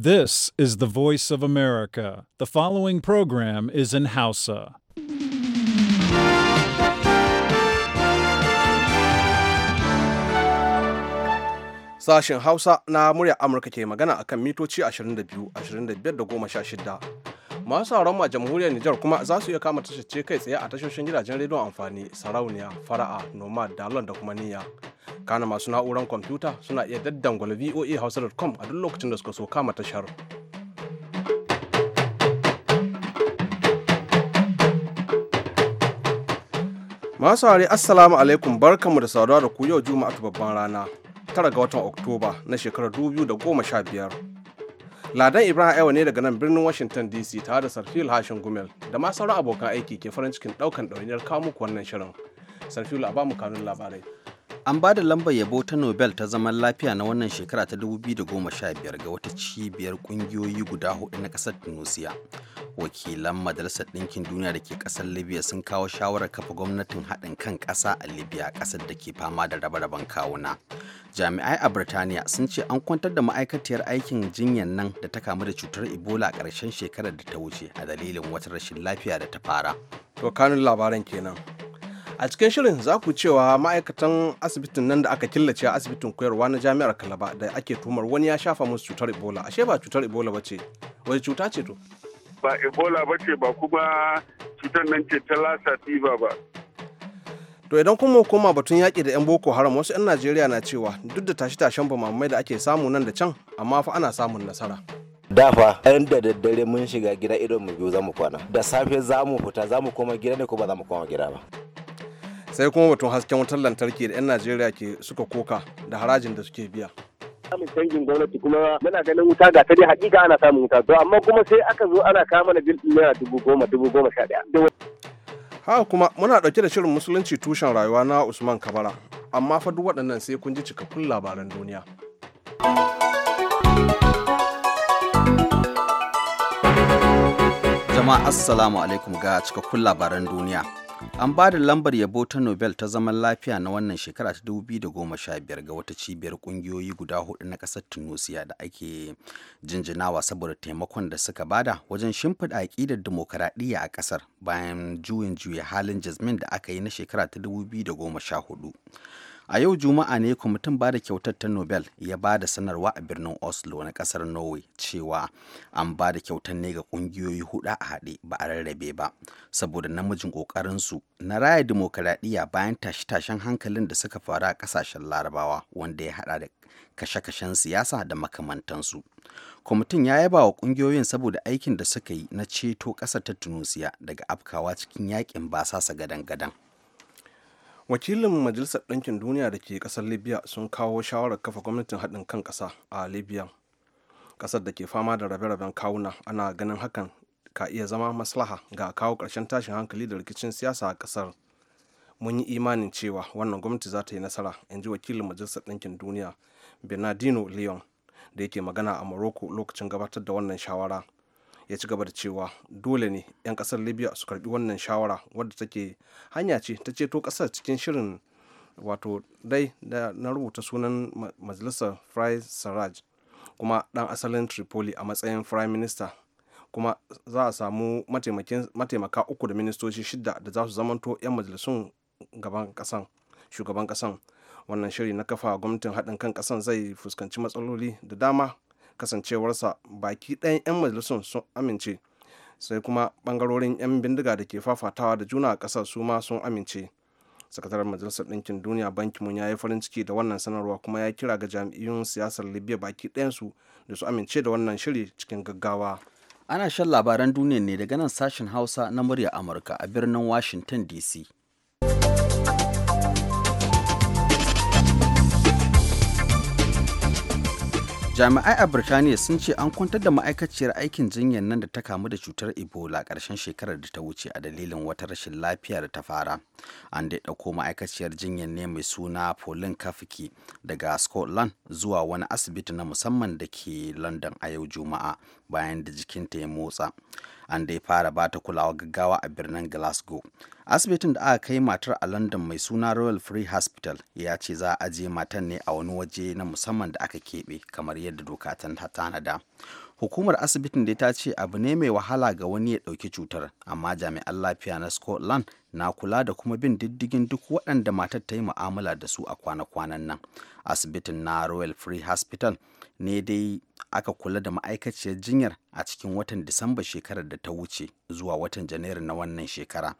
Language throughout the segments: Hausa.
This is the voice of America. The following program is in Hausa. Sashen Hausa na murya Amurka ke magana akan mitoci 22, 25 da 16. masu sauran a jamhuriyar Nijar kuma za su iya kama tashar ce kai tsaye a tashoshin gidajen rediyon amfani sarauniya fara'a nomad dalon da kuma niyya kana masu na'urar kwamfuta suna iya daddangwala voa hausa.com a duk lokacin da suka so kama tashar masu hari assalamu alaikum barkanmu da saduwa da ku yau juma'a ta babban rana tara ga watan oktoba na shekarar 2015 Ladan Ibrahim Aiwa ne daga nan birnin Washington DC tare da Sarfil Hashin Gumel da ma sauran abokan aiki ke farin cikin ɗaukan ɗauniyar kawo muku wannan shirin. Sarfil a ba mu kanun labarai. an ba da lambar yabo ta nobel ta zaman lafiya na wannan shekara ta 2015 ga wata cibiyar kungiyoyi guda hudu na kasar tunisia wakilan majalisar ɗinkin duniya da ke ƙasar libya sun kawo shawarar kafa gwamnatin haɗin kan ƙasa a libya ƙasar da ke fama da rabe-raben kawuna jami'ai a birtaniya sun ce an kwantar da ma'aikatiyar aikin jinyar nan da ta kamu da cutar ebola a ƙarshen shekarar da ta wuce a dalilin wata rashin lafiya da ta fara to kanun labaran kenan a cikin shirin za ku cewa ma'aikatan asibitin nan da aka killace a asibitin koyarwa na jami'ar kalaba da ake tumar wani ya shafa musu cutar ebola ashe ba cutar ebola ba ce wani cuta ce to ba ebola ba ce ba kuma cutar nan ce ta lasa fever ba to idan kuma koma batun yaƙi da 'yan boko haram wasu 'yan najeriya na cewa duk da tashe-tashen bamamai da ake samu nan da can amma fa ana samun nasara dafa yan da daddare mun shiga gida idon mu biyu za mu kwana da safe za mu fita za mu koma gida ne ko ba za mu koma gida ba sai kuma batun hasken wutar lantarki da 'yan najeriya ke suka koka da harajin da suke biya samun canjin gwamnati kuma muna ganin wuta ga ta dai hakika ana samun wuta to amma kuma sai aka zo ana kama mana bil naira dubu goma dubu goma sha daya. haka kuma muna dauke da shirin musulunci tushen rayuwa na usman kabara amma fa duk waɗannan sai kun ji cikakkun labaran duniya. jama'a assalamu alaikum ga cikakkun labaran duniya An ba da lambar yabo ta Nobel ta zaman lafiya na wannan shekara ta 2015 ga wata cibiyar kungiyoyi guda hudu na kasar Tunusiya da ake jinjinawa saboda taimakon da suka bada wajen shimfiɗa aƙidar dimokuraɗiyya a ƙasar bayan juyin juya halin jazmin da aka yi na shekara ta 2014. A yau Juma'a ne kwamitin ba da kyautar ta Nobel ya ba da sanarwa a birnin Oslo na kasar Norway cewa an ba da kyautar ne ga kungiyoyi hudu a haɗe ba a rarrabe ba saboda namijin ƙoƙarinsu na raya dimokuraɗiyya bayan tashe-tashen hankalin da suka faru a ƙasashen larabawa wanda ya haɗa da kashe-kashen siyasa da makamantansu. Kwamitin ya yaba wa ƙungiyoyin saboda aikin da suka yi na ceto ƙasar ta Tunusiya daga afkawa cikin yakin basasa gadan-gadan. wakilin majalisar ɗinkin duniya da ke ƙasar libya sun kawo shawarar kafa gwamnatin haɗin kan ƙasa a libya ƙasar da ke fama da rabe-raben kawuna ana ganin hakan ka iya zama maslaha ga kawo ƙarshen tashin hankali da rikicin siyasa a ƙasar mun yi imanin cewa wannan gwamnati za ta yi nasara in ji wakilin majalisar ɗinkin duniya bernardino leon da yake magana a morocco lokacin gabatar da wannan shawara ya ci gaba da cewa dole ne 'yan kasar libya su karbi wannan shawara wadda take hanya ce ta ceto kasar cikin shirin wato dai da na rubuta sunan majalisar fry saraj kuma dan asalin tripoli a matsayin prime minister kuma za a samu mataimaka uku da ministoci shidda da za su zamanto 'yan majalisun gaban shugaban kasan wannan shiri na kafa gwamnatin haɗin kan kasan zai fuskanci matsaloli da dama kasancewarsa baki ɗayan 'yan majalisun sun amince sai kuma bangarorin 'yan bindiga da ke fafatawa da juna a ƙasar su ma sun amince sakataren majalisar ɗinkin duniya banki mun ya yi farin ciki da wannan sanarwa kuma ya kira ga jami'in siyasar libya baki ɗayansu da su amince da wannan shiri cikin gaggawa ana shan labaran duniya ne daga nan sashen hausa na murya amurka a birnin washington dc jami'ai a birtaniya sun ce an kwantar da ma'aikaciyar aikin jinyar nan da ta kamu da cutar ebola karshen shekarar da ta wuce a dalilin wata rashin lafiya da ta fara an dai ɗauko ma'aikaciyar jinyar ne mai suna polin kafiki daga scotland zuwa wani asibiti na musamman da ke london a yau juma'a bayan da jikinta ya motsa an dai fara ba ta kulawa gaggawa a birnin glasgow asibitin da aka kai matar a london mai suna royal free hospital ya ce za a ajiye matan ne a wani waje na musamman da aka keɓe kamar yadda doka ta tanada hukumar asibitin da ta ce abu ne mai wahala ga wani ya ɗauki cutar amma jami'an lafiya na scotland na kula da kuma bin diddigin duk waɗanda matar ta yi mu'amala da su a kwana-kwanan nan asibitin na royal free hospital ne dai aka kula da ma'aikaciyar jinyar a cikin watan Disamba shekarar da ta wuce zuwa watan Janairu na wannan shekara.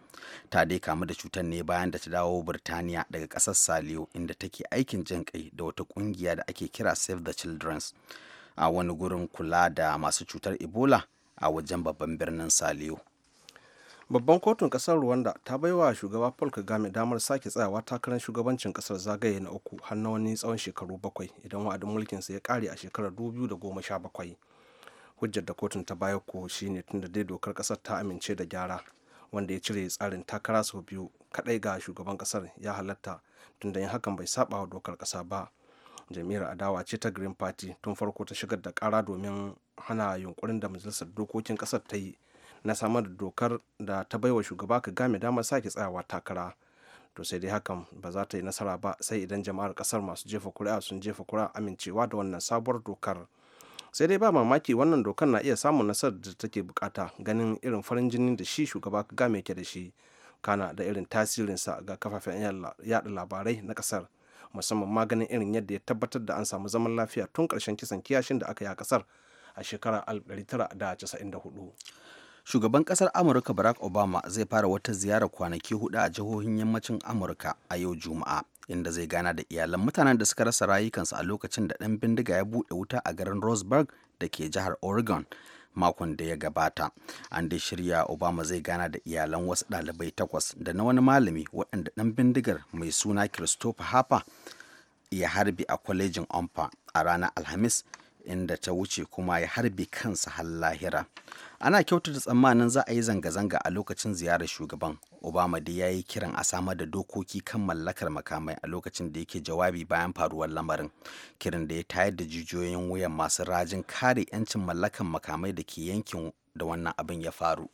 Ta dai kamu da cutar ne bayan da ta dawo Birtaniya daga kasar Saliyo inda take aikin jan kai da wata ƙungiya da ake kira Save the Children's a wani gurin kula da masu cutar Ebola a wajen babban birnin Saliyo. babban kotun kasar rwanda ta bai wa shugaba paul kagame damar sake tsayawa takarar shugabancin kasar zagaye na uku har na wani tsawon shekaru bakwai idan wa'adin mulkinsa ya kare a shekarar goma sha bakwai. hujjar da kotun ta bayar ko shine tunda dai dokar kasar ta amince da gyara wanda ya cire tsarin takara sau biyu kadai ga shugaban kasar ya halatta tunda yin hakan bai saba wa dokar kasa ba jami'ar adawa ce ta green party tun farko ta shigar da kara domin hana yunkurin da majalisar dokokin kasar ta yi na samar da dokar da ta baiwa shugaba ka game damar sake tsayawa takara to sai dai hakan ba za ta yi nasara ba sai idan jama'ar kasar masu jefa kuri'a sun jefa kuri'a amincewa da wannan sabuwar dokar sai dai ba mamaki wannan dokar na iya samun nasarar da take bukata ganin irin farin jinin da shi shugaba game ke da shi kana da irin tasirinsa ga kafafen yada labarai na kasar musamman maganin irin yadda ya tabbatar da an samu zaman lafiya tun karshen kisan kiyashin da aka yi a kasar a shekarar 1994 shugaban kasar amurka barack obama zai fara wata ziyara kwanaki hudu a jihohin yammacin amurka a yau juma'a inda zai gana da iyalan mutanen da suka rasa rayukansu a lokacin da dan bindiga ya bude wuta a garin roseburg da ke jihar oregon makon da ya gabata an dai shirya obama zai gana da iyalan wasu dalibai takwas da na wani malami waɗanda ɗan bindigar mai suna christopher harper ya harbi a kwalejin ompa a ranar alhamis ɗin da ta wuce kuma ya harbi kansa har lahira ana kyautata tsammanin za a yi zanga-zanga a lokacin ziyarar shugaban obama da ya yi kiran a samar da dokoki kan mallakar makamai a lokacin da yake jawabi bayan faruwar lamarin kirin da ya tayar da jijiyoyin wuyan masu rajin kare 'yancin mallakar makamai da ke yankin da wannan abin ya faru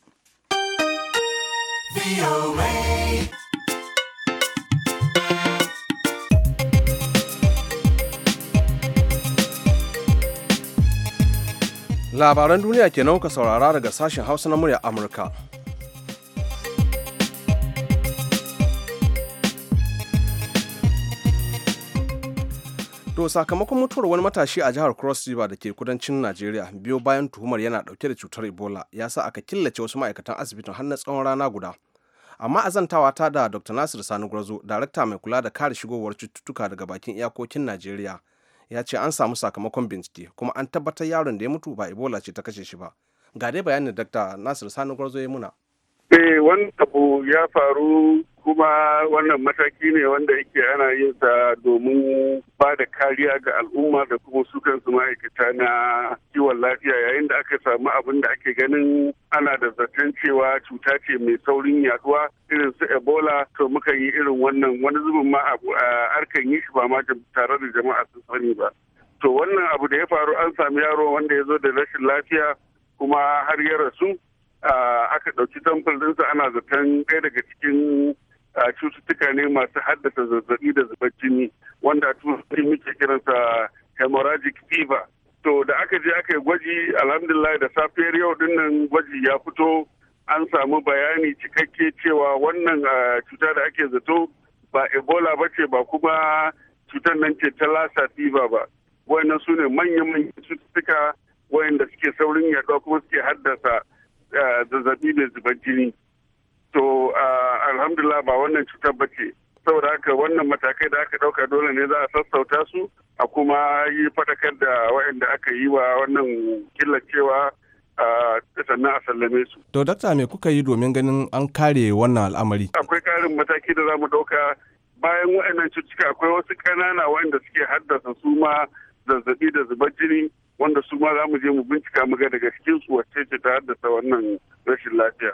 labaran duniya kenan kuka saurara daga sashen hausa na murya amurka To sakamakon mutuwar wani matashi a jihar Cross River da ke kudancin Najeriya biyo bayan tuhumar yana dauke da cutar Ebola ya sa aka killace wasu ma'aikatan asibitin har na tsawon rana guda. Amma azantawa ta da Dr. Nasir Sani Gwarzo, darakta mai kula da kare shigowar cututtuka daga bakin iyakokin Najeriya, ya ce an samu sakamakon bincike kuma an tabbatar yaron da ya mutu ba ebola ce ta kashe shi ba ga dai bayanin Dr nasir sani gwarzo ya muna Eh wani abu ya faru kuma wannan mataki ne wanda yake ana yin sa domin ba da kariya ga al'umma da kuma su kansu ma'aikata na kiwon lafiya yayin da aka samu abin da ake ganin ana da zaton cewa cuta ce mai saurin yaduwa irin su ebola to muka yi irin wannan wani zubin ma arkan yi shi ba ma tare da jama'a sun sani ba to wannan abu da ya faru an sami yaro wanda ya zo da rashin lafiya kuma har ya rasu aka ɗauki tamfil dinsa ana zaton ɗaya daga cikin cututtuka ne masu haddasa zazzabi da zubar jini wanda a turanci muke kiransa hemorrhagic fever to da aka je aka yi gwaji alhamdulillah da safiyar yau dinnan gwaji ya fito an samu bayani cikakke cewa wannan cuta da ake zato ba ebola ba ce ba kuma cutar nan ce ta lasa fever ba wayannan su ne manyan manyan cututtuka wayanda suke saurin yaduwa kuma suke haddasa Eh, zazzabi da zubar jini to eh, alhamdulillah ba wannan cutar ba ce saboda haka wannan matakai da aka dauka dole ne za a sassauta su a kuma yi faɗakar da waɗanda aka yi wa wannan killacewa eh, sannan a sallame su. To dakta me kuka yi domin ganin an kare wannan al'amari? Akwai karin mataki da za mu dauka bayan waɗannan cutuka akwai wasu ƙanana waɗanda suke haddasa su ma zazzabi da zubar jini wanda su ma za mu je mu bincika mu ga daga cikin su wacce ce ta haddasa wannan rashin lafiya.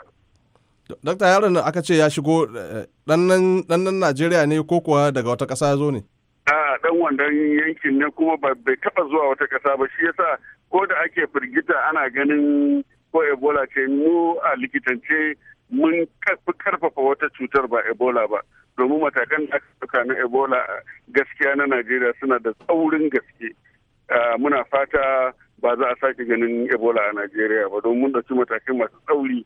Dokta yaron aka ce ya shigo eh, ɗannan Najeriya ne ko kuwa daga wata ƙasa ya zo ne? A ɗan wandan yankin ne kuma bai taɓa zuwa wata ƙasa ba shi yasa ko da ake firgita ana ganin ko Ebola ce mu a likitance mun fi karfafa wata cutar ba Ebola ba. Domin matakan da aka na Ebola eh, gaskiya na Najeriya suna da tsaurin gaske. Eh, muna fata ba za a sake ganin ebola a najeriya ba don mun ɗauki matakai masu tsauri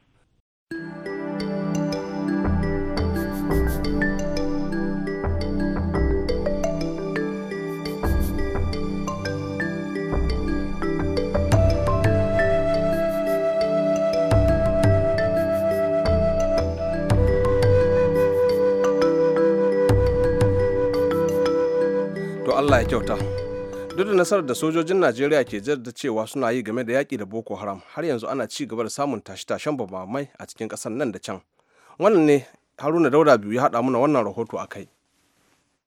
To Allah ya kyauta. duk da nasarar da sojojin najeriya ke da cewa suna yi game da yaƙi da boko haram har yanzu ana ci gaba da samun tashe-tashen bamamai a cikin ƙasar nan da can wannan ne haruna daura biyu ya haɗa muna wannan rahoto a kai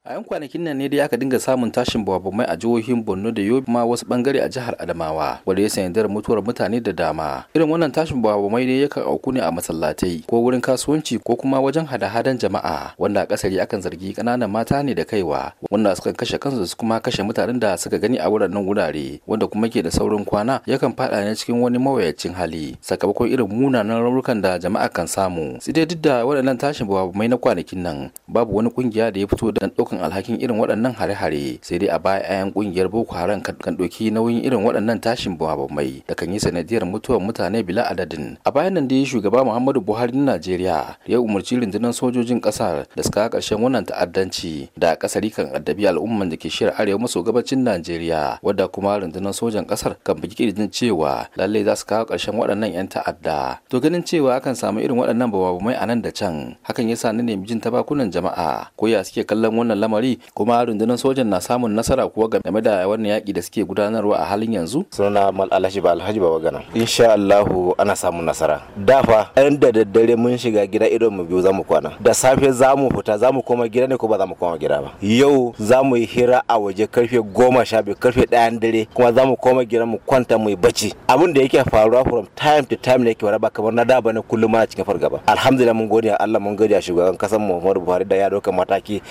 a yan kwanakin nan ne dai aka dinga samun tashin bababai a jihohin borno da yobe ma wasu bangare a jihar adamawa wanda ya sanyar mutuwar mutane da dama irin wannan tashin bababai ne yakan auku ne a masallatai ko wurin kasuwanci ko kuma wajen hada-hadan jama'a wanda kasari akan zargi kananan mata ne da kaiwa wanda suka kashe kansu su kuma kashe mutanen da suka gani a wuraren wurare wanda kuma ke da saurin kwana yakan fada ne cikin wani mawayacin hali sakamakon irin munanan raunukan da jama'a kan samu sai dai duk da waɗannan tashin bababai na kwanakin nan babu wani kungiya da ya fito da daukan alhakin irin waɗannan hare-hare sai dai a baya 'ya'yan kungiyar boko haram kan ɗauki nauyin irin waɗannan tashin mai da kan yi sanadiyar mutuwar mutane bila adadin a bayan nan dai shugaba muhammadu buhari na najeriya ya umarci rundunar sojojin ƙasar da suka ƙarshen wannan ta'addanci da ƙasari kan addabi al'umman da ke shirar arewa maso gabacin najeriya wadda kuma rundunar sojan ƙasar kan bi kirjin cewa lallai za su kawo ƙarshen waɗannan 'yan ta'adda to ganin cewa akan samu irin waɗannan bababumai a nan da can hakan ya sa nemi jin tabakunan jama'a ko ya suke kallon wannan wannan lamari kuma rundunar sojan na samun nasara kuwa game da wannan yaƙi da suke gudanarwa a halin yanzu sunana mal alhaji ba alhaji ba wagana insha Allahu ana samun nasara da ɗan da daddare mun shiga gida idon mu biyu zamu kwana da safe zamu fita zamu koma gida ne ko ba zamu koma gida ba yau zamu yi hira a waje karfe goma sha biyu karfe ɗayan dare kuma zamu koma gida mu kwanta mu yi bacci abin da yake faruwa from time to time ne yake faruwa ba kamar na da ba ne kullum ana cikin fargaba alhamdulillah mun gode Allah mun gode shugaban kasar Muhammadu Buhari da ya dauka mataki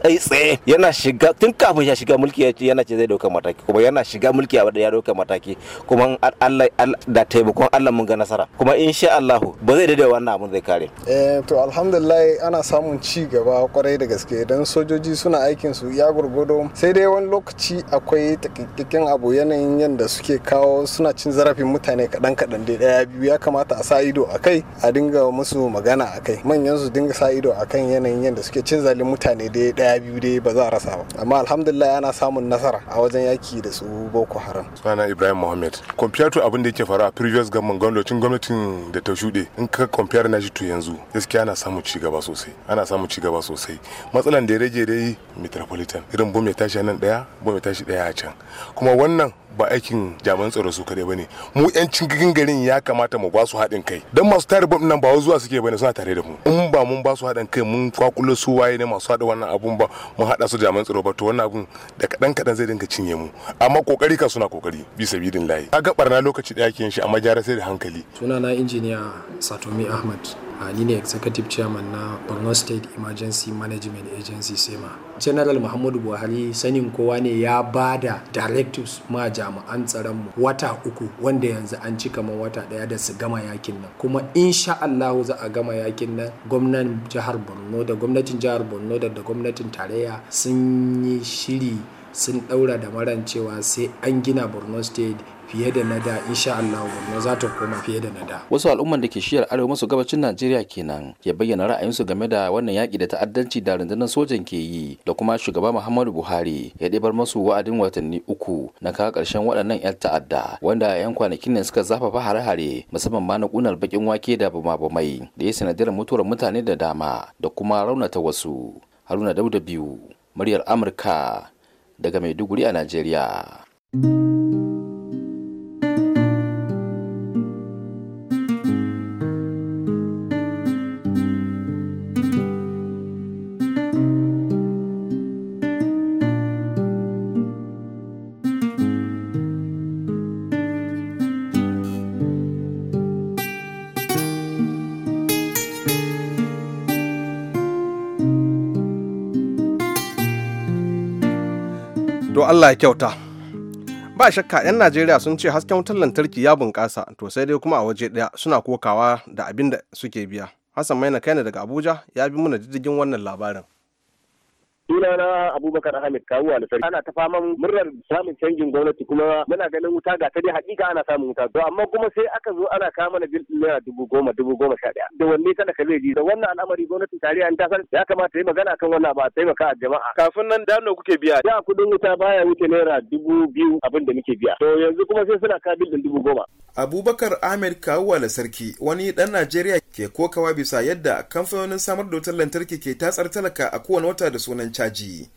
kai tsaye yana shiga tun kafin ya shiga mulki yana ce zai dauka mataki kuma yana shiga mulki a ya dauka mataki kuma Allah da taimakon Allah mun ga nasara kuma insha Allah ba zai daidai wannan abun zai kare eh to alhamdulillah ana samun ci gaba kwarai da gaske dan sojoji suna aikin su ya gurgudo sai dai wani lokaci akwai takikkin abu yanayin yanda suke kawo suna cin zarafin mutane kadan kadan da daya biyu ya kamata a sa ido akai a dinga musu magana akai manyan su dinga sa ido akan yanayin yanda suke cin zalin mutane dai daya daya biyu dai ba za a rasa ba amma alhamdulillah yana samun nasara a wajen yaki da su boko haram sunana ibrahim mohammed compare to abin da yake faru a previous government gwamnatin gwamnatin da ta shuɗe in ka compare na shi to yanzu gaskiya ana samun ci gaba sosai ana samun ci gaba sosai matsalan da ya rage dai metropolitan irin bom ya tashi nan daya bom ya tashi daya a can kuma wannan ba aikin jami'an tsaro su ba ne mu yan cikin garin ya kamata mu ba su haɗin kai don masu tare bam nan ba zuwa suke bane suna tare da mu in ba mun ba su haɗin kai mun kwakulo su waye ne masu haɗa wannan abun ba mun haɗa su jami'an tsaro ba to wannan abun da kadan kadan zai dinga cinye mu amma kokari ka suna kokari bi sabidin layi kaga barna lokaci da yake yin shi amma jara sai da hankali sunana injiniya Satomi Ahmad Ah, ni ne executive chairman na borno state emergency management agency sema general muhammadu buhari sanin kowa ne ya ba da directives ma jami'an tsaron mu wata uku wanda yanzu an ci kamar wata daya da su gama yakin nan kuma insha Allah za a gama yakin nan gwamnan jihar borno da gwamnatin jihar borno da gwamnatin tarayya sun yi shiri sun daura da maran cewa sai an gina borno state fiye da na da insha Allah Borno za ta koma fiye da na da wasu al'umman da ke shiyar arewa maso gabacin Najeriya kenan ke bayyana ra'ayinsu game da wannan yaki da ta'addanci da rundunar sojan ke yi da kuma shugaba Muhammadu Buhari ya ɗebar masu wa'adin watanni uku na kawo ƙarshen waɗannan 'yan ta'adda wanda 'yan kwanakin ne suka zafafa hare-hare musamman ma na ƙunar baƙin wake da bama da ya sanadiyar mutuwar mutane da dama da kuma raunata wasu haruna dauda biyu muryar amurka daga maiduguri a najeriya Allah ya kyauta. Ba shakka 'yan Najeriya sun ce hasken wutar lantarki ya bunƙasa to sai dai kuma a waje ɗaya suna kokawa da abin da suke biya. Hassan Maina Kaina daga Abuja ya bi muna diddigin wannan labarin. sunana abubakar ahmed kawu alfari ana ta faman murnar samun canjin gwamnati kuma muna ganin wuta ga ta dai hakika ana samun wuta to amma kuma sai aka zo ana kama na bil naira dubu goma dubu goma sha daya da wanne tana ka zai ji da wannan al'amari gwamnatin tarayya ta san ya kamata yi magana kan wannan ba taimaka a jama'a kafin nan da nawa kuke biya da kudin wuta baya wuce naira dubu biyu abin da muke biya to yanzu kuma sai suna ka bil dubu goma abubakar ahmed kawu sarki wani dan najeriya ke kokawa bisa yadda kamfanonin samar da wutar lantarki ke tatsar talaka a kowane wata da sunan caji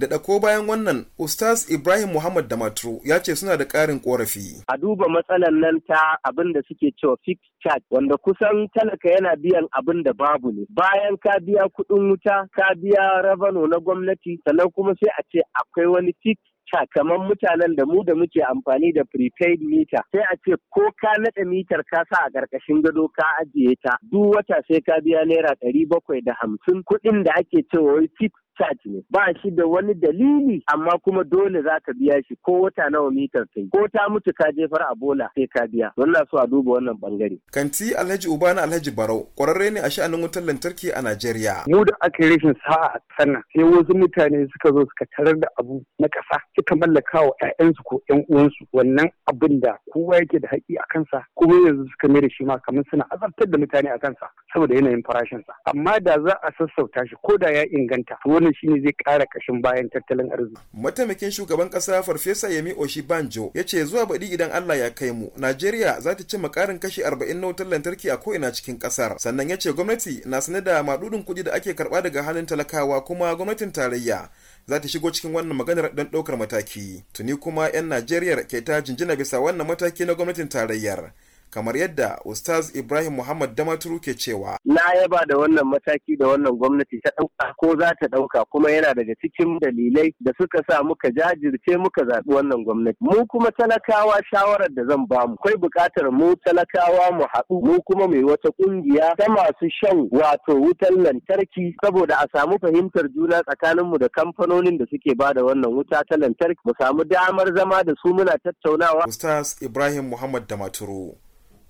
da ɗako bayan wannan ustaz ibrahim muhammad damaturu ya ce suna da ƙarin ƙorafi a duba matsalar nan ta abin da suke cewa fix charge wanda kusan talaka yana biyan abin da babu ne bayan ka biya kuɗin wuta ka biya rabano na gwamnati sannan kuma sai a ce akwai wani fix mita kamar mutanen da mu da muke amfani da prepaid meter, sai a ce ko ka naɗa mitar ka sa a ƙarƙashin gado ka ajiye ta duk wata sai ka biya naira ɗari bakwai da hamsin kuɗin da ake cewa wai fixed caji ne ba shi da wani dalili amma kuma dole za ka biya shi ko wata nawa mitar kai ko ta mutu ka jefar a bola sai ka biya don na so a duba wannan bangare. kanti alhaji Uba na alhaji barau kwararre ne a sha'anin wutar lantarki a najeriya. mu da aka yi rashin sa'a a sannan sai wasu mutane suka zo suka tarar da abu na ƙasa suka mallaka wa 'ya'yansu ko 'yan uwansu wannan abin da kowa yake da haƙi a kansa kuma yanzu suka mai da shi ma kamar suna azabtar da mutane a kansa saboda yanayin farashinsa amma da za a sassauta shi ko da ya inganta wani wannan shine zai kara kashin bayan tattalin arziki. Mataimakin shugaban ƙasa Farfesa Yemi Oshibanjo ya ce zuwa baɗi idan Allah ya kai mu, Najeriya za ta cimma ƙarin kashi arba'in na wutar lantarki a ko'ina cikin ƙasar. Sannan ya ce gwamnati na sanar da maɗuɗin kuɗi da ake karɓa daga halin talakawa kuma gwamnatin tarayya. za ta shigo cikin wannan maganar don ɗaukar mataki. Tuni kuma 'yan Najeriya ke ta jinjina bisa wannan mataki na gwamnatin tarayyar. kamar yadda Ustaz Ibrahim Muhammad Damaturu ke cewa. Na yaba da wannan mataki da wannan gwamnati ta ɗauka ko za ta ɗauka kuma yana daga cikin dalilai da suka sa muka jajirce muka zaɓi wannan gwamnati. Mu kuma talakawa shawarar da zan ba mu. Akwai buƙatar mu talakawa mu haɗu mu kuma mai wata ƙungiya ta masu shan wato wutan lantarki saboda a samu fahimtar juna tsakanin mu da kamfanonin da suke ba da wannan wuta ta lantarki mu samu damar zama da su muna tattaunawa. Ustaz Ibrahim Muhammad Damaturu.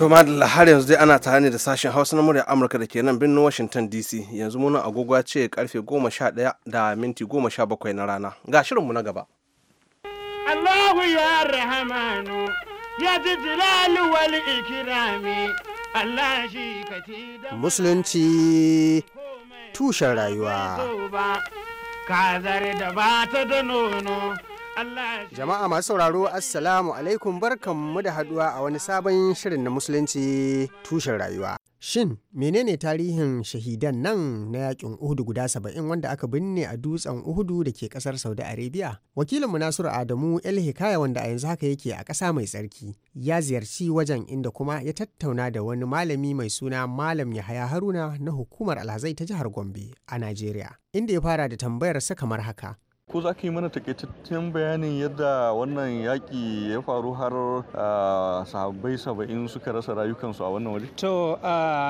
to madalla har yanzu dai ana tare ne da sashen hausa na murya amurka da ke nan birnin washington dc yanzu muna agogo ce karfe 11 da minti 17 na rana ga shirinmu na gaba allahu ya rahmanu ya ji jilalu wal ikirami allah shi ka musulunci tushen rayuwa kazar da bata da nono Jama'a masu sauraro Assalamu alaikum barkanmu da haduwa a wani sabon shirin na Musulunci tushen rayuwa. Shin menene tarihin shahidan nan na yakin Uhudu guda saba'in wanda aka binne a dutsen Uhudu da ke kasar Saudi Arabia? Wakilinmu Nasiru Adamu El Hikaya wanda a yanzu haka yake a ƙasa mai tsarki ya ziyarci wajen inda kuma ya tattauna da wani malami mai suna Malam Yahaya Haruna na hukumar alhazai ta jihar Gombe a Najeriya. Inda ya fara da tambayarsa kamar haka. ko za ka yi mana takaitaccen bayanin yadda wannan yaƙi ya faru har sahabbai saba'in suka rasa rayukansu a wannan waje? To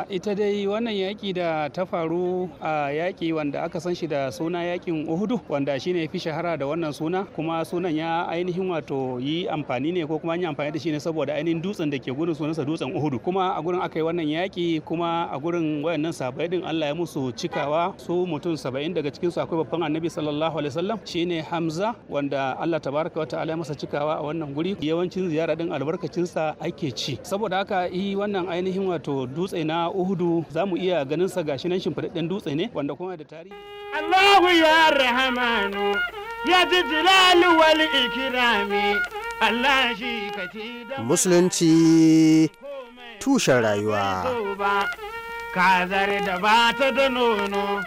ita dai wannan yaƙi da ta faru a yaƙi wanda aka san shi da suna yaƙin Uhudu wanda shi ne fi shahara da wannan suna kuma sunan ya ainihin wato yi amfani ne ko kuma an yi amfani da shi ne saboda ainihin dutsen da ke gurin sunansa dutsen Uhudu kuma a gurin aka yi wannan yaƙi kuma a gurin wayannan sahabbai din Allah ya musu cikawa su mutum saba'in daga cikinsu akwai babban annabi sallallahu alaihi wasallam ne Hamza wanda Allah tabaraka wa ta'ala masa cikawa a wannan guri yawancin ziyara din albarkacinsa ake ci saboda haka yi wannan ainihin wato dutse na Uhudu zamu iya ganin sa gashi nan shimfiɗaɗɗen dutse ne wanda kuma da tarihi Allahu ya rahamanu ya wal ikrami Allah shi da musulunci tushen rayuwa zare da bata da nono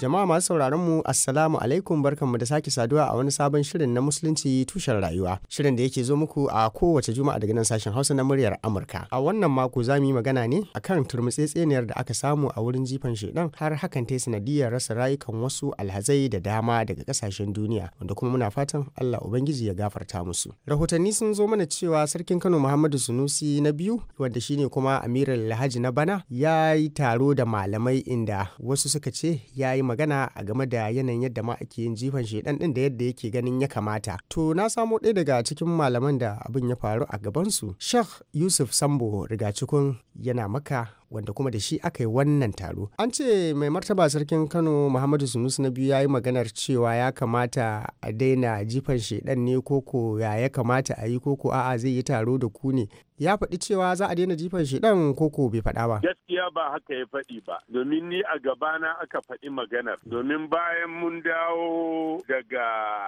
Jama'a masu sauraron mu Assalamu alaikum barkanmu da sake saduwa a wani sabon shirin na Musulunci tushen rayuwa. Shirin da yake zo muku a kowace Juma'a daga nan sashen Hausa na muryar Amurka. A wannan mako za mu yi magana ne akan turmutsetseniyar da aka samu a wurin jifan shedan har hakan ta sanadiyar rasa rayukan wasu alhazai da dama daga kasashen duniya wanda kuma muna fatan Allah Ubangiji ya gafarta musu. Rahotanni sun zo mana cewa sarkin Kano Muhammadu Sunusi na biyu wanda shine kuma amirar Alhaji na bana ya yi taro da malamai inda wasu suka ce ya yi magana a game da yanayin yadda ma ake yin jifan shedan din da yadda yake ganin ya kamata to na samo ɗaya daga cikin malaman da abin ya faru a gabansu shek yusuf sambo rigacikun yana maka wanda kuma da shi aka yi wannan taro an ce mai martaba sarkin kano muhammadu sunusu na biyu ya yi maganar cewa ya kamata a daina jifan shedan ne koko ya ya kamata a yi koko a'a zai yi taro da ku ne ya faɗi cewa za a daina jifan shedan koko bai faɗa ba gaskiya ba haka ya faɗi ba domin ni a gabana aka faɗi maganar domin bayan mun dawo daga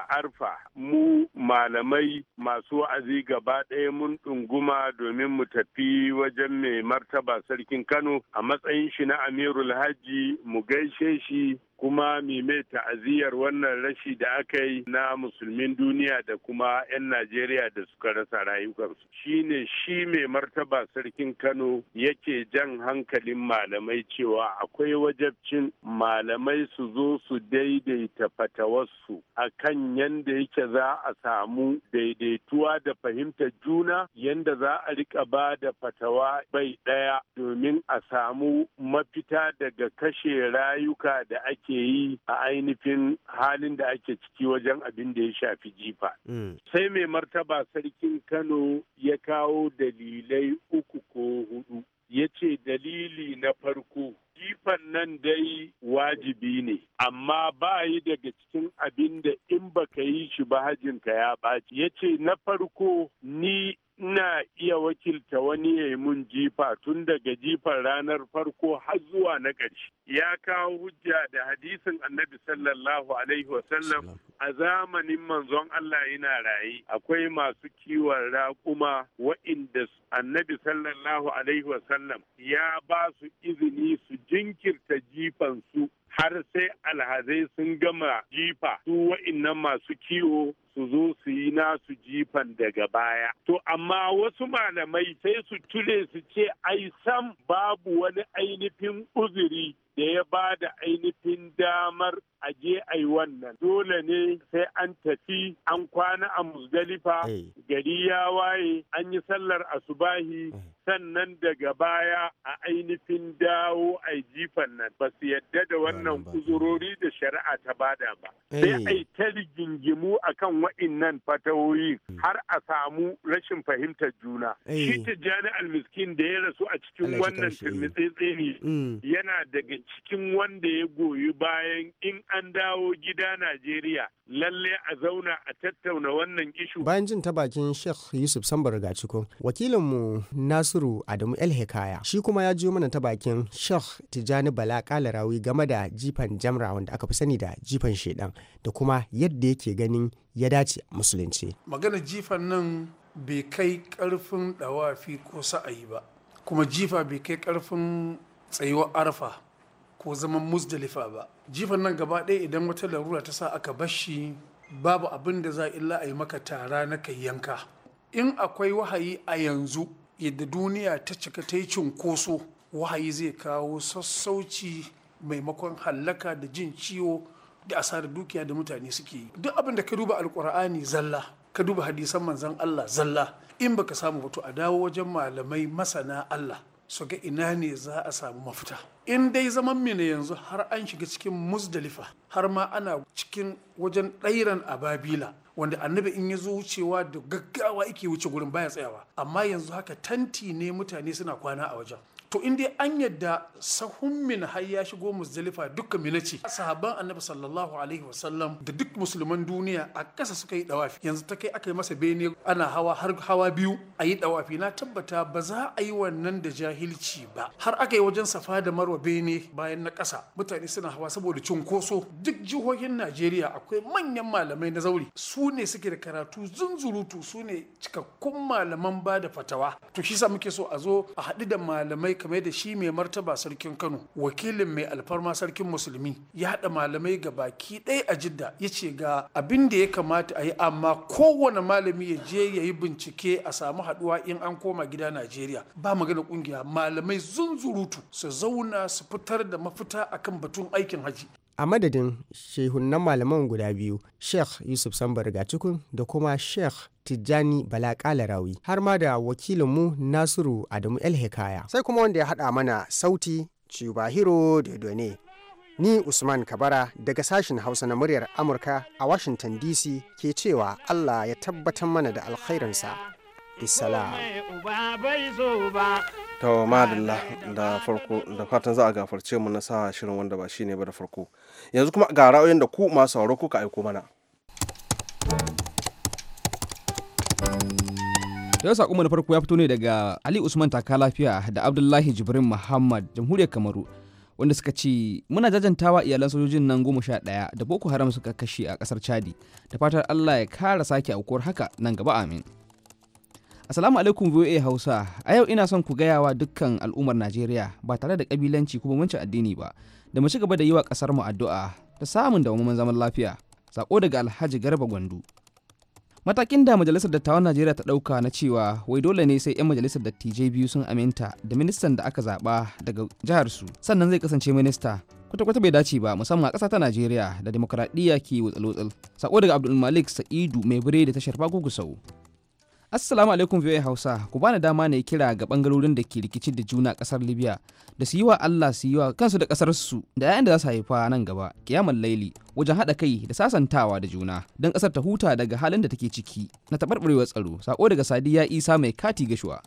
arfa mu malamai masu wa'azi gaba ɗaya mun ɗunguma domin mu tafi wajen mai martaba sarkin Kano a matsayin shi na Amirul Haji mu gaishe shi kuma Mime ta'aziyar wannan rashi da aka yi na musulmin duniya da kuma 'yan Najeriya da suka rasa rayukansu. Shi ne shi mai martaba sarkin Kano yake jan hankalin malamai cewa akwai wajabcin malamai su zo su daidaita fatawarsu a kan yanda yake za a samu daidaituwa da fahimtar juna yanda za a rika ba da fatawa bai ɗaya domin a samu mafita daga kashe rayuka da ake ake yi a ainihin halin da ake ciki wajen abin da ya shafi jifa. Mm. Sai mai martaba sarkin Kano ya kawo dalilai uku ko hudu. Ya ce dalili na farko jifan nan dai wajibi ne, amma ba yi daga cikin abin da in baka yi shi ba hajinka ya ɓaci. Ya ce na farko ni ina iya wakilta wani ya yi mun jifa tun daga jifar ranar farko har zuwa na ƙarshe ya kawo hujja da hadisin annabi sallallahu alaihi wasallam a zamanin manzon Allah yana raye akwai masu kiwon raƙuma wa'inda annabi sallallahu alaihi wasallam ya ba su izini su jinkirta jifansu har sai alhazai sun gama jifa su wa'innan masu kiwo su zo su yi nasu jifan daga baya. To amma wasu malamai sai su tule su ce ai sam babu wani ainihin uzuri da ya ba da ainihin damar a je a yi wannan. Dole ne sai an tafi an kwana a musdalifa eh. gari ya waye an yi sallar asubahi eh. sannan daga baya a ainihin dawo a jifan nan ba su yadda da wannan kuzurori da shari'a ta bada ba eh. sai a yi ta rigingimu a kan wa'innan fatawoyi hmm. har a samu rashin fahimtar juna eh. shi tijjani almiskin da ya rasu a cikin wannan eh. turmitsitsini hmm. yana daga cikin wanda ya goyi bayan in an dawo gida najeriya lalle a zauna a tattauna wannan ishu bayan jin ta bakin sheikh yusuf sambar gaciko wakilinmu nasu Nasiru Adamu El hekaya shi kuma ya jiyo mana ta bakin Sheikh Tijani Bala Kalarawi game da jifan jamra wanda aka fi sani da jifan shedan da kuma yadda yake ganin ya dace musulunci. Magana jifan nan bai kai karfin dawafi ko sa'ayi ba kuma jifa bai kai karfin tsayuwar arfa ko zaman musdalifa ba jifan nan gaba ɗaya idan wata larura ta sa aka bashi babu abin da za illa a yi maka tara na kai yanka in akwai wahayi a yanzu yadda duniya ta cika ta yi cunkoso wahayi zai kawo sassauci maimakon hallaka da jin ciwo da asarar dukiya da mutane suke yi duk abin da ka duba alkur'ani zalla ka duba hadisan manzon Allah zalla in baka samu ba to a dawo wajen malamai masana Allah su ga ina ne za a samu mafita in dai zaman mina yanzu har an shiga cikin musdalifa har ma ana cikin wajen ɗairan ababila wanda annabi in ya zo wucewa da gaggawa yake wuce gurin baya tsayawa amma yanzu haka tanti ne mutane suna kwana a wajen to inda an yadda sahun min har ya shigo muzdalifa dukkan mina ce sahabban annabi sallallahu alaihi wasallam da duk musulman duniya a kasa suka yi dawafi yanzu ta kai aka yi masa bene ana hawa har hawa biyu a yi dawafi na tabbata ba za a yi wannan da jahilci ba har aka yi wajen safa da marwa bene bayan na ƙasa mutane suna hawa saboda cunkoso duk jihohin najeriya akwai manyan malamai na zauri su ne suke da karatu zunzurutu su ne cikakkun malaman ba da fatawa to shi sa muke so a zo a haɗu da malamai kamar da shi mai martaba sarkin Kano wakilin mai alfarma sarkin musulmi ya haɗa malamai ga baki ɗaya a Jidda ya ce ga abin da ya kamata a yi amma kowane malami ya je ya yi bincike a samu haɗuwa in an koma gida Najeriya ba magana ƙungiya malamai zunzurutu su zauna su fitar da mafita akan batun aikin haji a madadin shehunan malaman guda biyu sheikh yusuf sambar gacikun da kuma sheikh Tijjani Bala Kalarawi har ma da wakilinmu Nasiru Adamu El Hekaya. Sai kuma wanda ya haɗa mana sauti Chubahiro Dodone. Ni Usman Kabara daga sashen Hausa na muryar Amurka a Washington DC ke cewa Allah ya tabbatar mana da alkhairinsa. Bisalam. madalla da farko da fatan za a gafarce mu na sa shirin wanda ba shine ba da farko. Yanzu kuma ga ra'ayoyin da ku masu sauraro kuka aiko mana. Yau sakonmu na farko ya fito ne daga Ali Usman Taka Lafiya da Abdullahi Jibrin Muhammad Jamhuriyar Kamaru wanda suka ce muna jajantawa iyalan sojojin nan goma sha ɗaya da Boko Haram suka kashe a kasar Chadi da fatar Allah ya kara sake aukuwar haka nan gaba amin. Assalamu alaikum VOA Hausa. A yau ina son ku gaya wa dukkan al'ummar Najeriya ba tare da kabilanci kuma muncin addini ba, da mu ci gaba da yi wa kasar mu addu'a ta samun dawwammamin zaman lafiya. Sako daga Alhaji Garba Gwandu. matakin da majalisar dattawan najeriya ta ɗauka na cewa wai dole ne sai 'yan majalisar dattijai biyu sun aminta da ministan da aka zaɓa daga jihar su sannan zai kasance minista kwata-kwata bai dace ba musamman a ƙasa ta najeriya da demokradiyya ke wutsalotsil sako daga abdulmalik sa'idu mai bire da tashar fago Assalamu alaikum VOA Hausa, ku bani dama ne kira ga bangarorin da ke rikici da juna kasar Libya da su yi wa Allah su yi wa kansu da kasar su da 'ya'yan da za su haifa nan gaba kiyamar laili wajen haɗa kai da sasantawa da juna don ƙasar ta huta daga halin da take ciki na taɓarɓarewar tsaro sako daga Sadiya Isa mai kati gashuwa.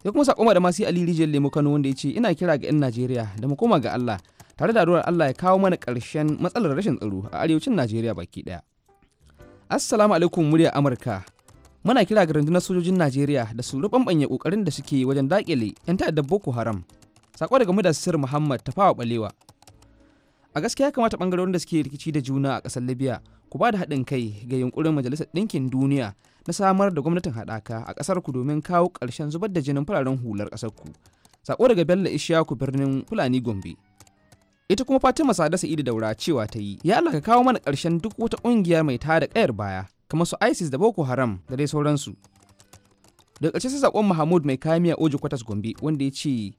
Sai kuma sako da masu Ali Rijiyar Lemo Kano wanda ya ce ina kira ga 'yan Najeriya da mu koma ga Allah tare da ruwan Allah ya kawo mana ƙarshen matsalar rashin tsaro a arewacin Najeriya baki ɗaya. Assalamu alaikum muryar Amurka muna kira ga rundunar sojojin najeriya da su banye kokarin da suke wajen dakile yan ta'addar boko haram sako daga mu da sir muhammad tafawa balewa a gaskiya ya kamata bangarorin da suke rikici da juna a kasar libya ku ba da haɗin kai ga yunkurin majalisar ɗinkin duniya na samar da gwamnatin haɗaka a kasar ku domin kawo ƙarshen zubar da jinin fararen hular ƙasar ku sako daga bello ishaku birnin fulani gombe ita kuma fatima sada idi daura cewa ta yi ya allah ka kawo mana ƙarshen duk wata ƙungiya mai tada ƙayar baya kamar su isis da boko haram da dai sauransu daga ƙarshe sai saƙon mahmud mai kayan miya oji kwatas gombe wanda ya ce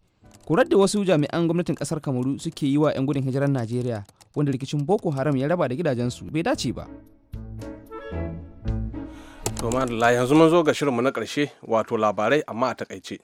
korar da wasu jami'an gwamnatin ƙasar kamaru suke yi wa 'yan gudun hijirar najeriya wanda rikicin boko haram ya raba da gidajensu bai dace ba to yanzu mun zo ga shirinmu na ƙarshe wato labarai amma a takaice.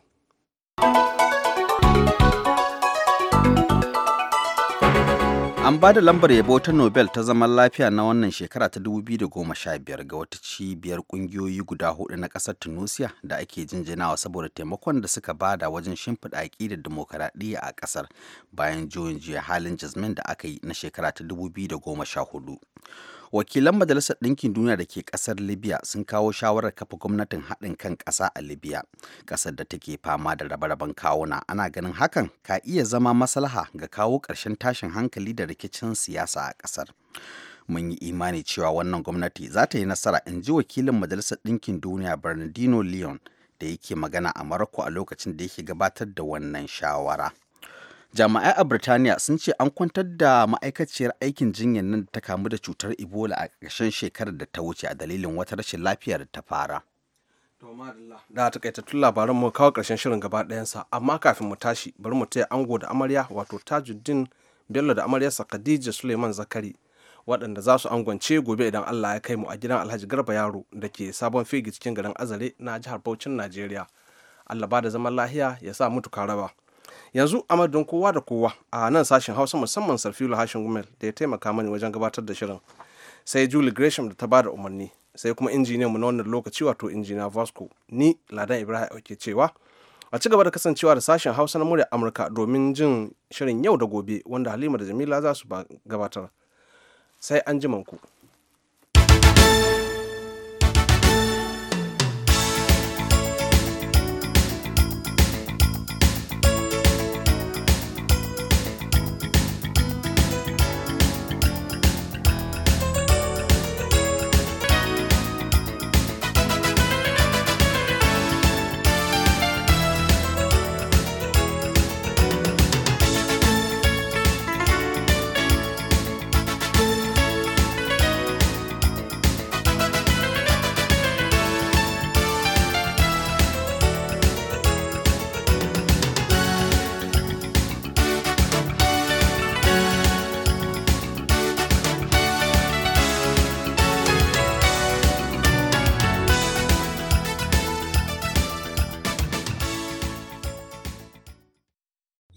an ba da lambar yabo ta nobel ta zaman lafiya na wannan shekara ta 2015 ga wata cibiyar kungiyoyi guda hudu na kasar tunisia da ake jinjinawa saboda taimakon da suka bada wajen shimfiɗa aƙidar demokaradiyya a ƙasar bayan juyin jiya halin jasmin da aka yi na shekara ta 2014 wakilan majalisar ɗinkin duniya da ke ƙasar libya sun kawo shawarar kafa gwamnatin haɗin kan ƙasa a libya ƙasar da take fama da rabe-raben kawuna ana ganin hakan ka iya zama maslaha ga kawo ƙarshen tashin hankali da rikicin siyasa a ƙasar mun yi imani cewa wannan gwamnati za ta yi nasara in ji wakilin majalisar ɗinkin duniya bernardino leon da yake magana a maroko a lokacin da yake gabatar da wannan shawara. jami'ai a birtaniya sun ce an kwantar da ma'aikaciyar aikin jinyar nan da ta kamu da cutar ebola a ƙarshen shekarar da ta wuce a dalilin wata rashin lafiya da ta fara da takaitattun labaran mu kawo ƙarshen shirin gaba ɗayansa amma kafin mu tashi bari mu taya ango da amarya wato tajuddin bello da amaryarsa khadija suleiman zakari waɗanda za su angwance gobe idan allah ya kai mu a gidan alhaji garba yaro da ke sabon fegi cikin garin azare na jihar bauchin najeriya allah ba da zaman lahiya ya sa mutu raba. yanzu a madadin kowa da kowa a nan sashen hausa musamman sarfilu hashin gumel da ya taimaka mani wajen gabatar da shirin sai julie gresham da ta ba da umarni sai kuma injiniyan mu na wannan lokaci wato injiniya vasco ni ladan ibrahim ke cewa a ci gaba da kasancewa da sashen hausa na murya amurka domin jin shirin yau da gobe wanda halima da jamila za su gabatar sai an ku.